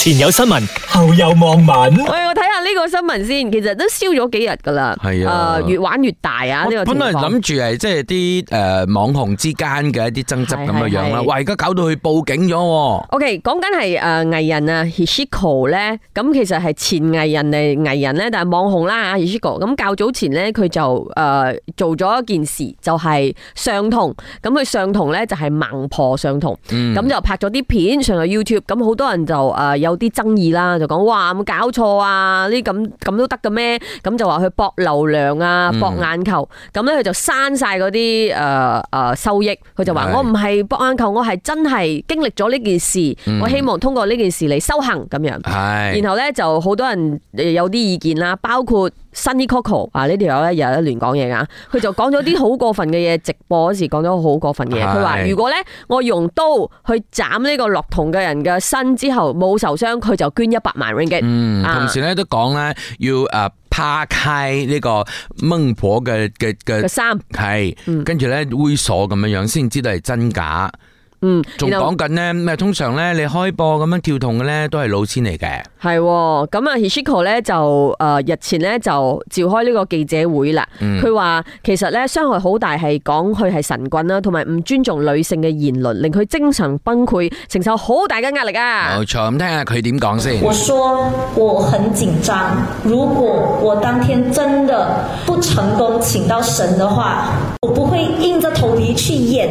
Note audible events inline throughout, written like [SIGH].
前有新聞，後有網民。呢、啊這個新聞先，其實都燒咗幾日噶啦，越玩越大啊！呢個本來諗住係即係啲誒網紅之間嘅一啲爭執咁嘅樣啦，是是是哇！而家搞到佢報警咗、哦。OK，講緊係誒藝人啊，Heshiko 咧，咁其實係前藝人嚟藝人咧，但係網紅啦 Heshiko 咁較早前咧，佢就誒做咗一件事，就係、是、上同，咁佢上同咧就係盲婆上同，咁、嗯、就拍咗啲片上到 YouTube，咁好多人就誒有啲爭議啦，就講哇冇搞錯啊？啲咁咁都得嘅咩？咁就話佢搏流量啊，搏眼球，咁咧佢就刪晒嗰啲誒誒收益。佢就話我唔係博眼球，我係真係經歷咗呢件事。嗯、我希望通過呢件事嚟修行咁樣。係、嗯。然後咧就好多人有啲意見啦，包括 Sunny Coco 啊呢條友咧又喺度亂講嘢噶。佢就講咗啲好過分嘅嘢， [LAUGHS] 直播嗰時講咗好過分嘢。佢話如果咧我用刀去斬呢個落同嘅人嘅身之後冇受傷，佢就捐一百萬 ringgit、嗯。啊、同時咧都講。講咧要誒趴開呢個掹婆嘅嘅嘅衫，係跟住咧猥瑣咁樣樣，先知道係真假。嗯，仲講緊呢，咁通常咧，你開播咁樣跳動嘅咧，都係老千嚟嘅，哦。係咁啊，Hiro 咧就誒日，呃、前咧就召開呢個記者會啦。佢話，嗯、其實咧傷害好大，係講佢係神棍啦，同埋唔尊重女性嘅言論，令佢精神崩潰，承受好大嘅壓力啊。冇錯，咁聽下佢點講先。我說我很緊張，如果我當天真的不成功，請到神的話，我不會硬着頭皮去演。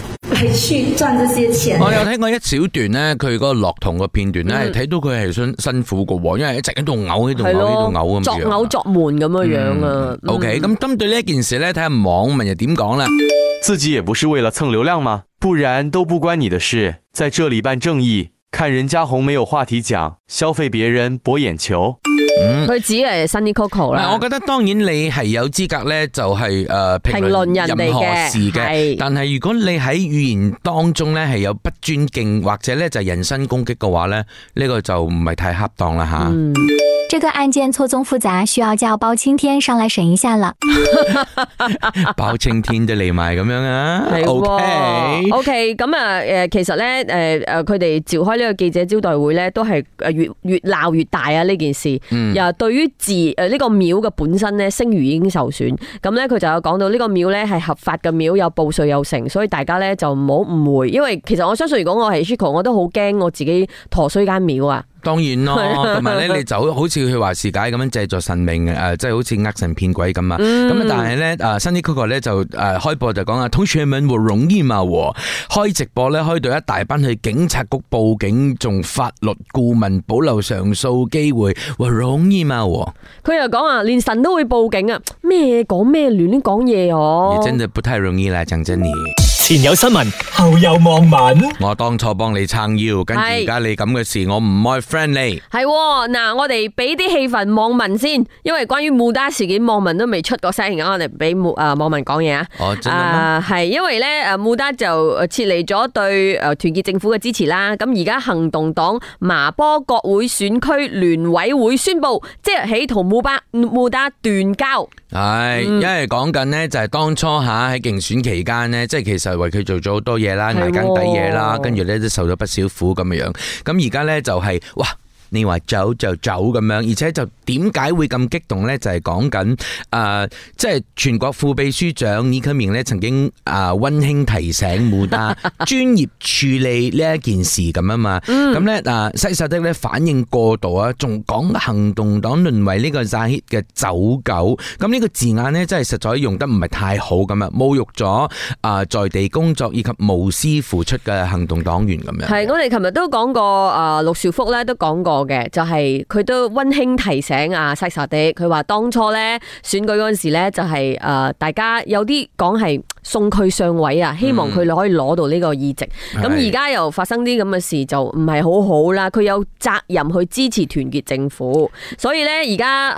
去賺這些錢。我有睇過一小段呢，佢嗰個樂童嘅片段呢睇，嗯、到佢係辛辛苦嘅喎，因為一直喺度嘔，喺度嘔，喺度嘔咁樣，作嘔作悶咁樣樣啊。嗯、OK，咁針，嗯、對呢一件事呢，睇下網民又點講咧？自己也不是為了蹭流量嗎？不然都不關你的事，在這裡扮正義，看人家紅沒有話題講，消費別人博眼球。佢指誒，Sunny Coco 啦。我覺得當然你係有資格咧，就是，就係誒評論任何事嘅。是的但係如果你喺語言當中咧係有不尊敬或者咧就係人身攻擊嘅話咧，呢，這個就唔係太恰當啦吓。嗯這個案件錯綜複雜，需要叫包青天上來審一下了 [LAUGHS] [LAUGHS] 包青天都嚟埋咁樣啊 [LAUGHS] 的？OK OK 咁啊？誒，其實咧，誒誒，佢哋召開呢個記者招待會咧，都係誒越越鬧越大啊！呢件事又、嗯、對於寺誒呢個廟嘅本身咧，聲譽已經受損。咁咧、嗯，佢就有講到呢個廟咧係合法嘅廟，有報稅有成，所以大家咧就唔好誤會。因為其實我相信，如果我係 Shiko，我都好驚我自己陀衰間廟啊。當然咯，同埋咧，你就好似佢話是解咁樣製作神明誒，即係、 [LAUGHS] 呃就是、好似呃神騙鬼咁啊！咁、嗯、但係咧，啊 Sunny Coco 咧就誒開播就講啊通處問會容易嘛，嗯、開直播咧開到一大班去警察局報警，仲法律顧問保留上訴機會，會容易嘛？佢又講啊，連神都會報警啊，咩講咩亂亂講嘢哦！你真係不太容易啦，鄭振宇。前有新聞，後有網民。我當初幫你撐腰，跟住而家你咁嘅事，我唔愛 friendly。係嗱，我哋俾啲氣氛網民先，因為關於穆達事件，網民都未出過聲，我哋俾穆誒網民講嘢啊。哦，真啊！係因為咧誒，穆達就撤離咗對誒團結政府嘅支持啦。咁而家行動黨麻波國會選區聯委會宣布，即日起同穆巴穆達斷交。係，因為講緊咧就係當初吓喺競選期間咧，即係其實。為佢做咗好多嘢啦，捱更抵嘢啦，跟住咧都受咗不少苦咁嘅樣。咁而家咧就係、是、哇。你話走就走咁樣，而且就點解會咁激動咧？就係講緊誒即係全國副秘書長尼克名咧，K、曾經誒温、呃、馨提醒穆達專業處理呢一件事咁啊嘛。咁、嗯、咧、嗯、西塞德咧反應過度啊，仲講行動黨淪為呢個炸 h 嘅走狗。咁呢個字眼咧，真係實在用得唔係太好咁啊，侮辱咗啊在地工作以及無私付出嘅行動黨員咁樣。係我哋琴日都講過，啊陸兆福咧都講過。嘅就係佢都溫馨提醒啊西薩迪，佢話當初咧選舉陣時咧就係誒大家有啲講係送佢上位啊，希望佢可以攞到呢個議席。咁而家又發生啲咁嘅事就唔係好好啦。佢有責任去支持團結政府，所以咧而家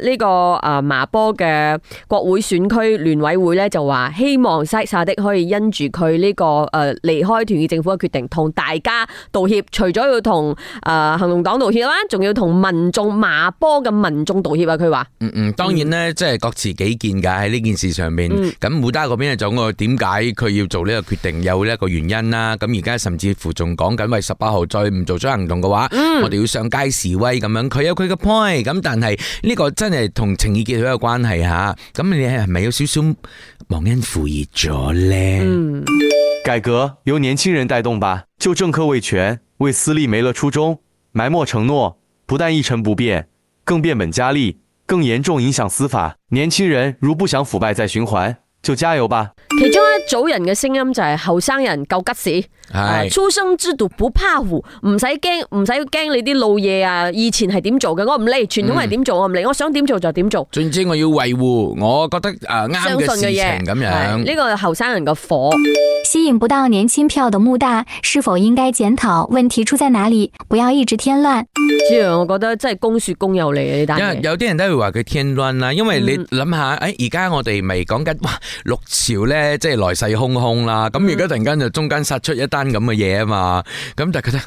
誒呢個誒麻波嘅國會選區聯委會咧就話希望西薩迪可以因住佢呢個誒離開團結政府嘅決定，同大家道歉。除咗要同誒行動黨道。道歉啦，仲要同民眾罵波嘅民眾道歉啊、嗯！佢話：嗯嗯，當然咧，即係各持己見噶，喺呢件事上面，咁冇得。嗰邊就講點解佢要做呢個決定，有呢個原因啦。咁而家甚至乎仲講緊為十八號再唔做咗行動嘅話，嗯、我哋要上街示威咁樣。佢有佢嘅 point，咁但係呢個真係同情意結好有關係吓。咁、啊、你係咪有少少忘恩負義咗咧？嗯、改革由年輕人帶動吧，就政客為權為私利沒了初衷，埋沒承諾，不但一成不變，更變本加厲，更嚴重影響司法。年輕人如不想腐敗再循環。就加油吧！其中一組人嘅聲音就係後生人夠吉士，係是、呃、初生之犢不怕虎，唔使驚，唔使驚你啲老嘢啊！以前係點做嘅，我唔理，傳統係點做、嗯、我唔理，我想點做就點做。總之我要維護，我覺得誒啱嘅嘢。咁、呃、樣，呢、這個後生人嘅火吸引不到年輕票嘅穆大，是否應該檢討問題出在哪裡？不要一直添亂。之我覺得真係公説公有理啊！呢單嘢，有有啲人都會話佢添亂啦，因為你諗下，誒而家我哋咪講緊哇六朝咧，即係來勢洶洶啦，咁而家突然間就中間殺出一單咁嘅嘢啊嘛，咁大家覺得，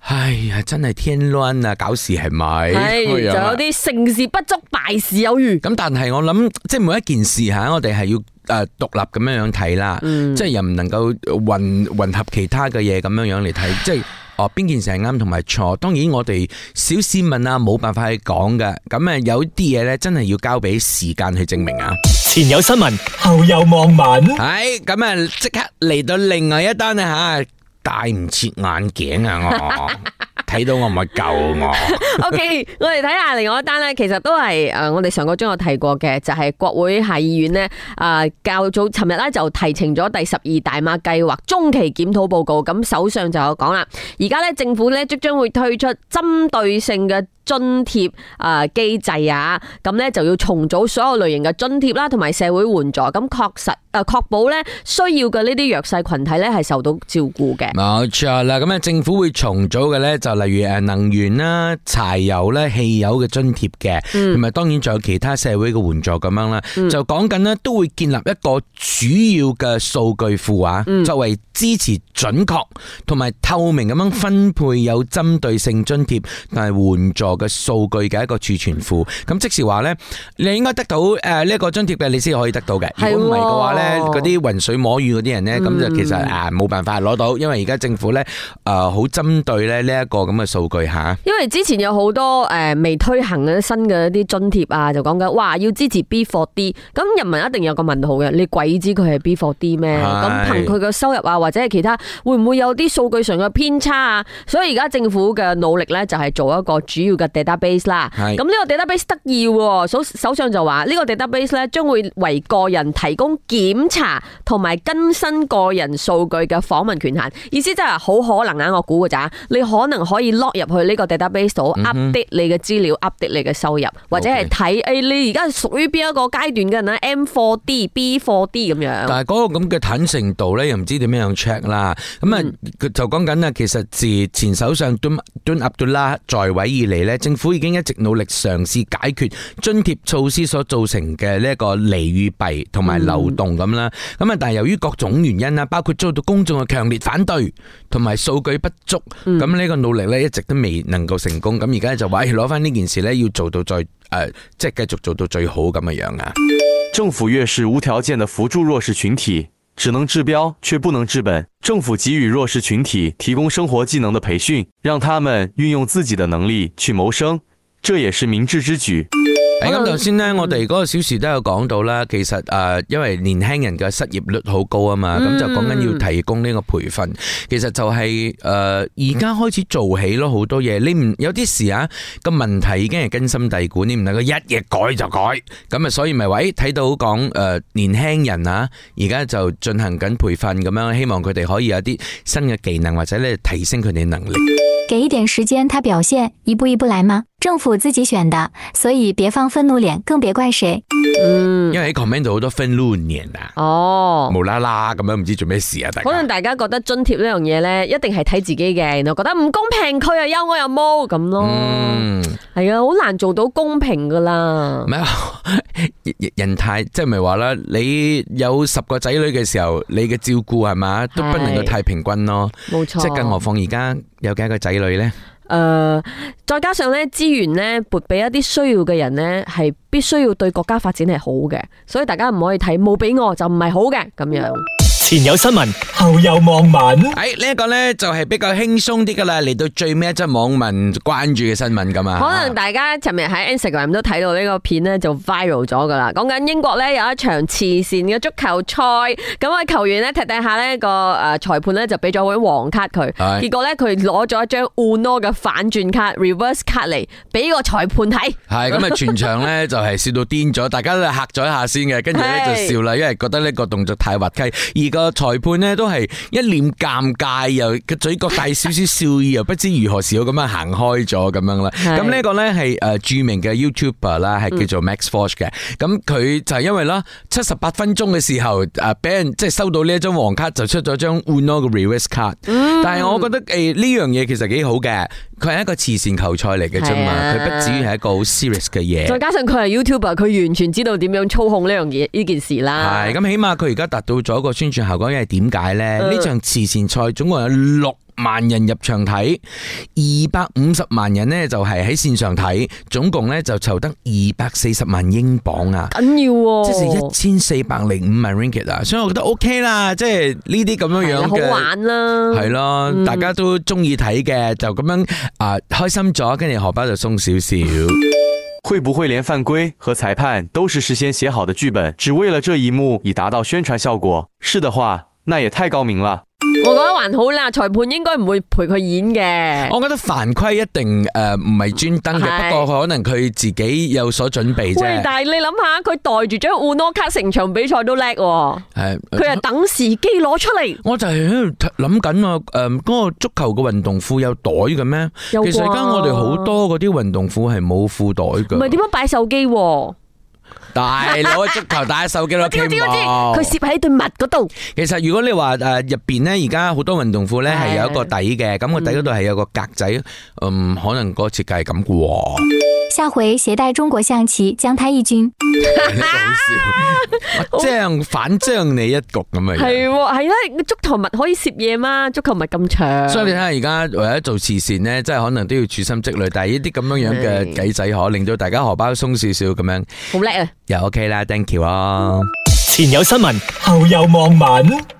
哎呀，真係添亂啊，搞事係咪？係，仲有啲成事不足，敗事有餘。咁但係我諗，即係每一件事吓，我哋係要誒獨立咁樣樣睇啦，即係又唔能夠混混合其他嘅嘢咁樣樣嚟睇，即係。哦，邊件事係啱，同埋錯，當然我哋小市民啊冇辦法去講嘅，咁啊有啲嘢咧真係要交俾時間去證明啊。前有新聞，後有網民。係，咁啊即刻嚟到另外一單啊，吓。戴唔切眼鏡啊！我睇 [LAUGHS] 到我唔係救我。 [LAUGHS] OK，我哋睇下另外一單咧，其實都係誒，我哋上個鐘有提過嘅，就係、是、國會下議院呢誒、呃，較早尋日咧就提呈咗第十二大馬計劃中期檢討報告。咁首相就有講啦，而家咧政府咧即將會推出針對性嘅。津貼啊機制啊，咁咧就要重組所有類型嘅津貼啦，同埋社會援助，咁確實啊確保咧需要嘅呢啲弱勢群體咧係受到照顧嘅。冇錯啦，咁啊政府會重組嘅咧就例如誒能源啦、柴油咧、汽油嘅津貼嘅，同埋當然仲有其他社會嘅援助咁樣啦。嗯、就講緊呢都會建立一個主要嘅數據庫啊，作為支持準確同埋透明咁樣分配有針對性津貼，但係援助。嘅數據嘅一個儲存庫，咁即時話呢，你應該得到誒呢一個津貼嘅，你先可以得到嘅。如果唔係嘅話呢，嗰啲渾水摸魚嗰啲人呢，咁、嗯、就其實啊冇辦法攞到，因為而家政府呢誒好針對咧呢一個咁嘅數據嚇。因為之前有好多誒、呃、未推行嘅新嘅一啲津貼啊，就講緊哇要支持 B40，咁人民一定有個問號嘅。你鬼知佢係 B40 咩？咁是憑佢嘅收入啊，或者係其他，會唔會有啲數據上嘅偏差啊？所以而家政府嘅努力呢，就係做一個主要嘅。database 啦，咁呢是個 database 得意喎，首首相就話呢，這個 database 咧，將會為個人提供檢查同埋更新個人數據嘅訪問權限，意思即係好可能啊，我估嘅咋，你可能可以落入去呢個 database 度 update 你嘅資料，update 你嘅收入，嗯、哼或者係睇誒你而家屬於邊一個階段嘅人 M4D、B4D 咁樣，但係嗰個咁嘅坦誠度咧，又唔知點樣 check 啦。咁啊，就講緊啊，其實自前首相敦敦阿都拉在位以嚟咧。政府已經一直努力嘗試解決津貼措施所造成嘅呢一個利與弊同埋漏洞咁啦，咁啊，但係由於各種原因啦，包括遭到公眾嘅強烈反對，同埋數據不足，咁、這、呢個努力咧一直都未能夠成功。咁而家就話，攞返呢件事咧，要做到再，誒、呃，即係繼續做到最好咁嘅樣啊！政府越是無條件的輔助弱勢群體。只能治標，卻不能治本。政府給予弱勢群體提供生活技能的培訓，讓他們運用自己的能力去謀生，這也是明智之舉。咁頭先咧，哎、我哋嗰個小時都有講到啦。其實誒、呃，因為年輕人嘅失業率好高啊嘛，咁就講緊要提供呢個培訓。嗯、其實就係、是、誒，而、呃、家開始做起咯，好多嘢你唔有啲事啊個問題已經係根深蒂固，你唔能夠一夜改就改。咁啊，所以咪喂，睇、欸、到講誒、呃，年輕人啊，而家就進行緊培訓咁樣，希望佢哋可以有啲新嘅技能或者咧提升佢哋能力。給一點時間，他表現，一步一步來嗎？政府自己選的，所以別放憤怒臉，更別怪誰。嗯，因為喺 comment 度好多憤怒臉啊。哦，無啦啦咁樣唔知做咩事啊？大家可能大家覺得津貼呢樣嘢咧，一定係睇自己嘅。我覺得唔公平，佢又休我又冇咁咯。係啊，好難做到公平噶啦。唔係，人太即係咪話啦？你有十個仔女嘅時候，你嘅照顧係嘛，都不能夠太平均咯。冇錯，即係更何況而家有幾多個仔女咧？呃，再加上呢資源呢撥俾一啲需要嘅人呢係必須要，對國家發展係好嘅，所以大家唔可以睇冇俾我就唔係好嘅咁樣。前有新聞，後有網民。誒呢一個咧就係比較輕鬆啲噶啦，嚟到最尾一則網民關注嘅新聞咁啊。可能大家尋日喺 Instagram 都睇到呢個片咧就 viral 咗噶啦。講緊英國咧有一場慈善嘅足球賽，咁個球員咧踢底下咧個誒裁判咧就俾咗張黃卡佢，結果咧佢攞咗一張 Uno 嘅反轉卡 reverse 卡嚟俾個裁判睇。係咁啊！全場咧就係笑到癲咗，大家都吓咗一下先嘅，跟住咧就笑啦，因為覺得呢個動作太滑稽。二裁判咧都係一臉尷尬，又個嘴角帶少少笑意， [LAUGHS] 又不知如何 [LAUGHS] 是好咁樣行開咗咁樣啦。咁呢個咧係誒著名嘅 YouTuber 啦，係叫做 Max Forge 嘅。咁佢、嗯、就係因為啦，七十八分鐘嘅時候誒俾人即係、就是、收到呢一張黃卡，就出咗張 Uno 嘅 reverse card。但係我覺得誒呢樣嘢其實幾好嘅。佢係一個慈善球賽嚟嘅啫嘛，佢、啊、不止於係一個好 serious 嘅嘢。再加上佢係 YouTuber，佢完全知道點樣操控呢樣嘢呢件事啦。係咁起碼佢而家達到咗個宣傳效果，因為點解咧？呢、嗯、場慈善賽總共有六。萬人入場睇，二百五十萬人呢就係、是、喺線上睇，總共呢就籌得二百四十萬英鎊啊！緊要、啊，即係一千四百零五萬 ringgit 啊！所以我覺得 OK 啦，即係呢啲咁樣樣嘅、啊，好玩、啊、啦，係、嗯、大家都中意睇嘅，就咁樣啊、呃，開心咗，跟住荷包就鬆少少。會唔會連犯規和裁判都是事先寫好的劇本，只為了這一幕以達到宣傳效果？是的話，那也太高明了。我覺得還好啦，裁判應該唔會陪佢演嘅。我覺得犯規一定誒唔係專登嘅，呃、不，的是不過可能佢自己有所準備啫。喂，但係你諗下，佢袋住張奧諾卡成場比賽都叻、哦。係是，佢係等時機攞出嚟。我就係喺度諗緊啊，誒、呃，嗰、那個足球嘅運動褲有袋嘅咩？吧其實而家我哋好多嗰啲運動褲係冇褲袋嘅。唔係點樣擺手機、啊？ [LAUGHS] 大佬足球大手機咯，佢攝喺對襪嗰度。其實如果你話誒入邊咧，而家好多運動褲咧係有一個底嘅，咁個的底嗰度係有個格仔，嗯，嗯，可能個設計係咁嘅。下回攜帶中國象棋，將他一軍。哈哈，將反將你一局咁啊，係喎、 [LAUGHS] 哦，係啦，足球物可以攝嘢嗎？足球物咁長。所以你睇下而家為咗做慈善咧，真係可能都要處心積慮，但係呢啲咁樣樣嘅計仔可令到大家荷包鬆少少咁樣，好叻啊，又 OK 啦，thank you 啊、哦。前有新聞，後有網民。